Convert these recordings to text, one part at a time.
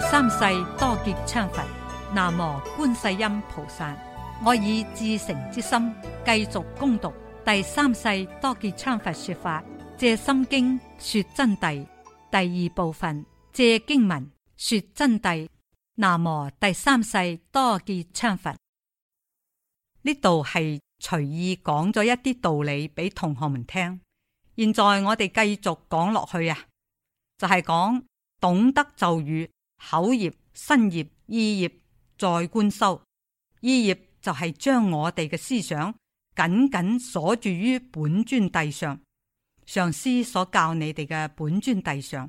第三世多杰羌佛，南無觀世音菩薩。我以至誠之心繼續攻讀第三世多杰羌佛說法，藉心經說真諦第二部分，藉經文說真諦。南無第三世多杰羌佛。呢度係隨意講咗一啲道理俾同學們聽。現在我哋繼續講落去啊，就係講懂得咒語。口業、身業、意業再觀修，意業就係將我哋嘅思想緊緊鎖住於本尊地上，上師所教你哋嘅本尊地上，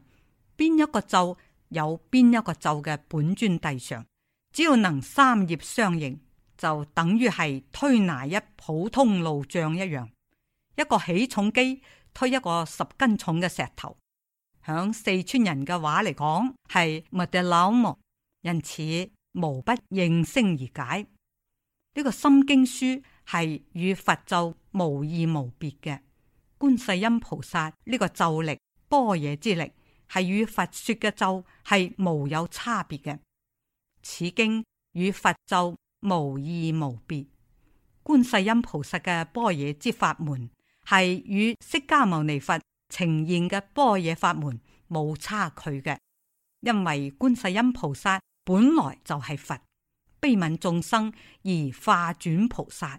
邊一個咒有邊一個咒嘅本尊地上，只要能三業相應，就等於係推拿一普通路障一樣，一個起重機推一個十斤重嘅石頭。響四川人嘅話嚟講，係物嘅老木，因此無不應聲而解。呢、這個心經書係與佛咒無異無別嘅。觀世音菩薩呢個咒力般若之力，係與佛說嘅咒係無有差別嘅。此經與佛咒無異無別。觀世音菩薩嘅般若之法門，係與釋迦牟尼佛。呈現嘅般若法門冇差距嘅，因為觀世音菩薩本來就係佛，悲憫眾生而化轉菩薩，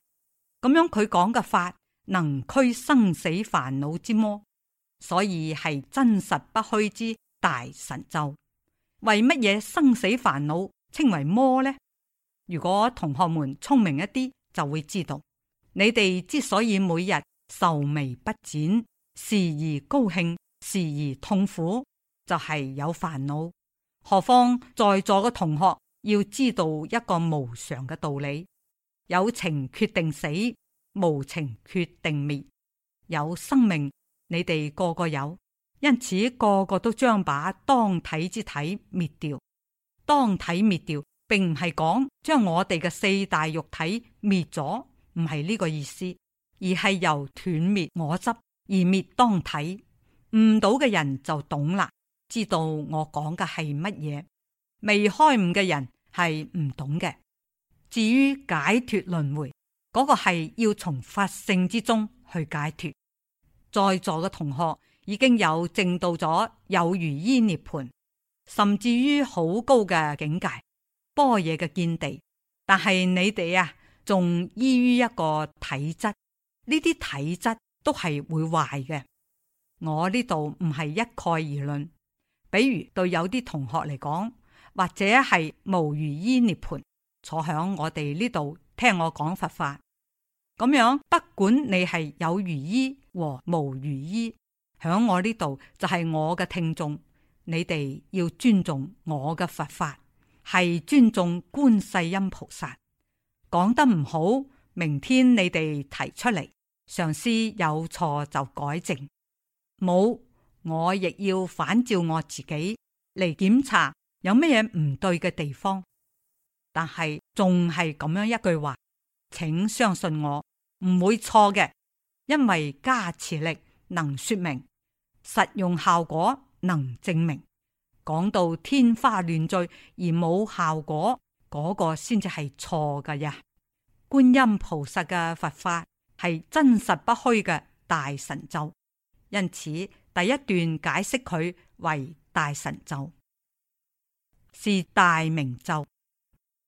咁樣佢講嘅法能驅生死煩惱之魔，所以係真實不虛之大神咒。為乜嘢生死煩惱稱為魔呢？如果同學們聰明一啲，就會知道，你哋之所以每日愁眉不展，時而高興，時而痛苦，就係有煩惱。何況在座嘅同學要知道一個無常嘅道理：有情決定死，無情決定滅。有生命，你哋個個有，因此個個都將把當體之體滅掉。當體滅掉，並唔係講將我哋嘅四大肉體滅咗，唔係呢個意思，而係由斷滅我執。而滅當體悟到嘅人就懂啦，知道我講嘅係乜嘢。未開悟嘅人係唔懂嘅。至於解脫輪迴，嗰、那個係要從法性之中去解脫。在座嘅同學已經有證到咗有餘依涅槃，甚至於好高嘅境界般若嘅見地，但係你哋啊仲依於一個體質呢啲體質都係會壞嘅。我呢度唔係一概而論，比如對有啲同學嚟講，或者係無餘依涅槃坐響我哋呢度聽我講佛法，咁樣不管你係有餘依和無餘依，響我呢度就係我嘅聽眾。你哋要尊重我嘅佛法，係尊重觀世音菩薩。講得唔好，明天你哋提出嚟。上司，有錯就改正，冇，我亦要反照我自己嚟檢查有咩嘢唔對嘅地方。但係仲係咁樣一句話，請相信我唔會錯嘅，因為加持力能說明，實用效果能證明。講到天花亂墜而冇效果，嗰個先至係錯嘅呀！觀音菩薩嘅佛法，係真實不虛嘅大神咒，因此第一段解釋佢為大神咒，是大明咒。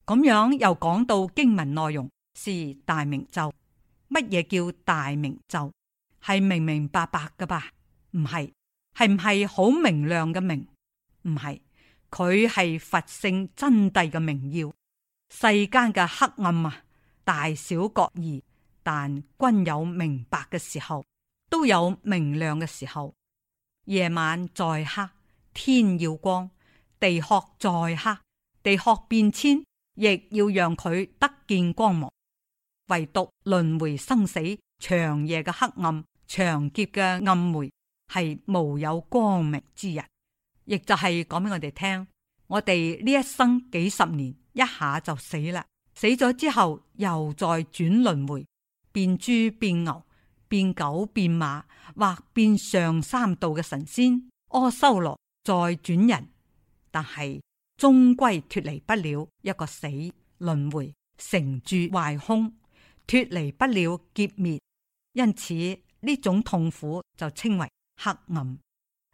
咁樣又講到經文內容是大明咒，乜嘢叫大明咒？係明明白白㗎吧？唔係，係唔係好明亮嘅明？唔係，佢係佛性真諦嘅明耀，世間嘅黑暗啊，大小各異。但均有明白嘅時候，都有明亮嘅時候。夜晚再黑，天要光；地殼再黑，地殼變遷亦要讓佢得見光芒。唯獨輪迴生死長夜嘅黑暗，長劫嘅暗昧係無有光明之日，亦就係講俾我哋聽，我哋呢一生幾十年一下就死啦，死咗之後又再轉輪迴。變豬變牛變狗變馬或變上三道嘅神仙阿修羅再轉人，但係終歸脱離不了一個死輪回，成住壞空，脱離不了劫滅，因此呢種痛苦就稱為黑暗。呢、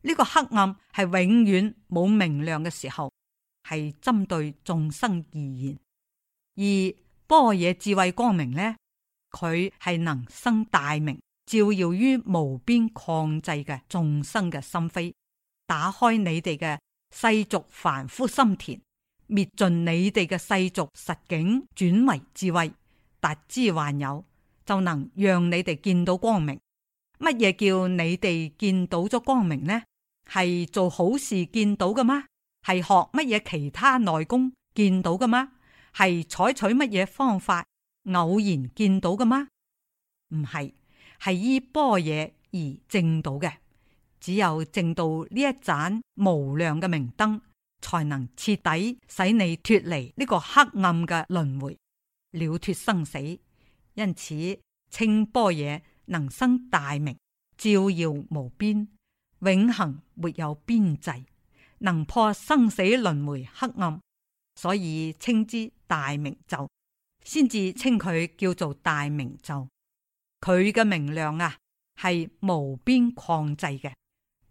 這個黑暗係永遠冇明亮嘅時候，係針對眾生而言。而般若智慧光明呢？佢係能生大明，照耀於無邊曠濟嘅眾生嘅心扉，打開你哋嘅世俗凡夫心田，滅盡你哋嘅世俗實境，轉為智慧，達知萬有，就能讓你哋見到光明。乜嘢叫你哋見到咗光明呢？係做好事見到嘅嗎？係學乜嘢其他內功見到嘅嗎？係採取乜嘢方法？偶然見到嘅嗎？唔係，係依般若而證到嘅。只有證到呢一盞無量嘅明燈，才能徹底使你脫離呢個黑暗嘅輪迴，了脫生死。因此，清般若能生大明，照耀無邊，永恆沒有邊際，能破生死輪迴黑暗。所以稱之大明咒。先至稱佢叫做大明咒，佢嘅明亮啊，係無邊曠制嘅，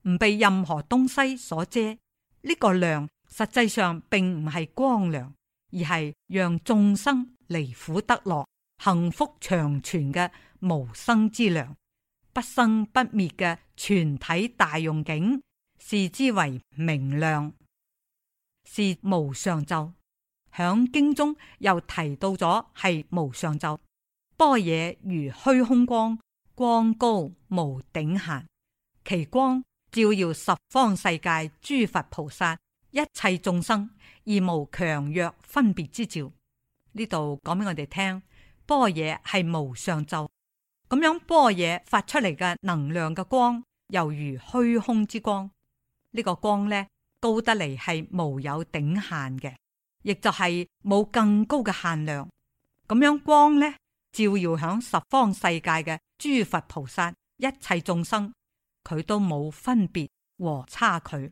唔被任何東西所遮。呢、這個亮實際上並唔係光亮，而係讓眾生離苦得樂、幸福長存嘅無生之亮、不生不滅嘅全體大用境，視之為明亮，是無上咒。響經中又提到咗係無上咒，般若如虛空光，光高無頂限，其光照耀十方世界諸佛菩薩一切眾生而無強弱分別之照。呢度講俾我哋聽，般若係無上咒，咁樣般若發出嚟嘅能量嘅光，猶如虛空之光。呢個光呢，高得嚟係無有頂限嘅。亦就係冇更高嘅限量，咁樣光呢，照耀響十方世界嘅諸佛菩薩一切眾生，佢都冇分別和差距。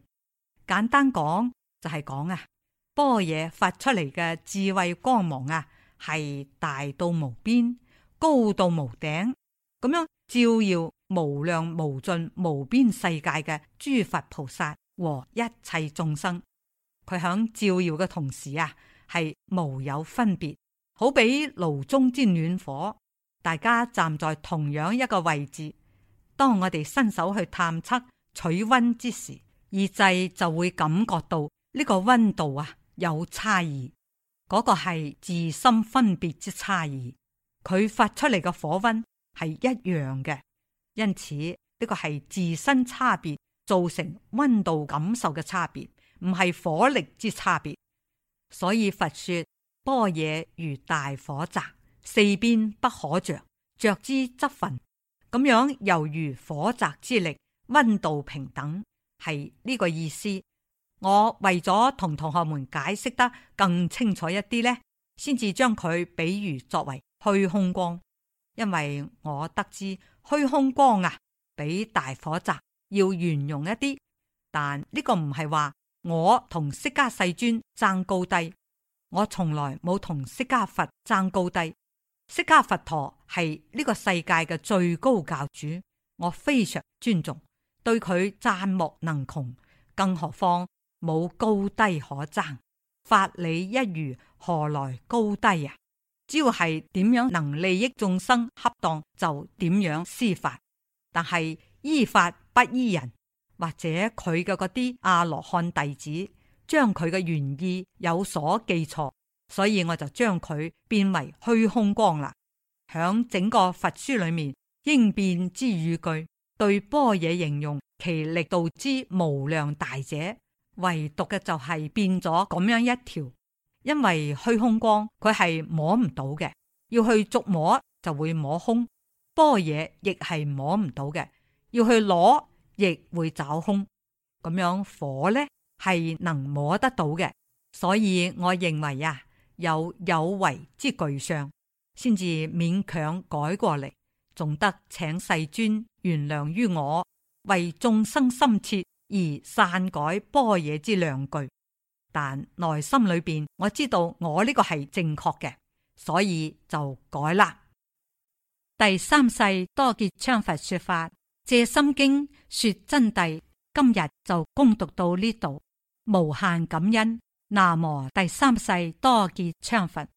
簡單講就係、是、講啊，般若發出嚟嘅智慧光芒啊，係大到無邊，高到無頂，咁樣照耀無量無盡無邊世界嘅諸佛菩薩和一切眾生。佢響照耀嘅同時啊，係無有分別，好比爐中之暖火。大家站在同樣一個位置，當我哋伸手去探測取溫之時，熱劑就會感覺到呢個溫度啊有差異。嗰個係自心分別之差異，佢發出嚟嘅火溫係一樣嘅，因此呢個係自身差別造成溫度感受嘅差別。唔係火力之差別，所以佛說般若如大火澤，四邊不可着，着之則焚。咁樣猶如火澤之力，温度平等，係呢個意思。我為咗同同學們解釋得更清楚一啲呢，先至將佢比喻作為虛空光，因為我得知虛空光啊，比大火澤要圓融一啲，但呢個唔係話。我同釋迦世尊爭高低，我從來冇同釋迦佛爭高低。釋迦佛陀係呢個世界嘅最高教主，我非常尊重，對佢讚莫能窮，更何況冇高低可爭。法理一如，何來高低啊？只要係點樣能利益眾生恰當，就點樣施法。但係依法不依人。或者佢嘅嗰啲阿羅漢弟子將佢嘅原意有所記錯，所以我就將佢變為虛空光啦。響整個佛書裏面應變之語句，對般若形容其力度之無量大者，唯獨嘅就係變咗咁樣一條，因為虛空光佢係摸唔到嘅，要去捉摸就會摸空。般若亦係摸唔到嘅，要去攞。亦會找空，咁樣火呢係能摸得到嘅，所以我認為呀、啊，有有為之巨相，先至勉強改過嚟，仲得請世尊原諒於我，為眾生心切而刪改般若之量具，但內心裏邊我知道我呢個係正確嘅，所以就改啦。第三世多杰羌佛說法。藉心經說真諦，今日就恭讀到呢度，無限感恩。南無第三世多杰羌佛。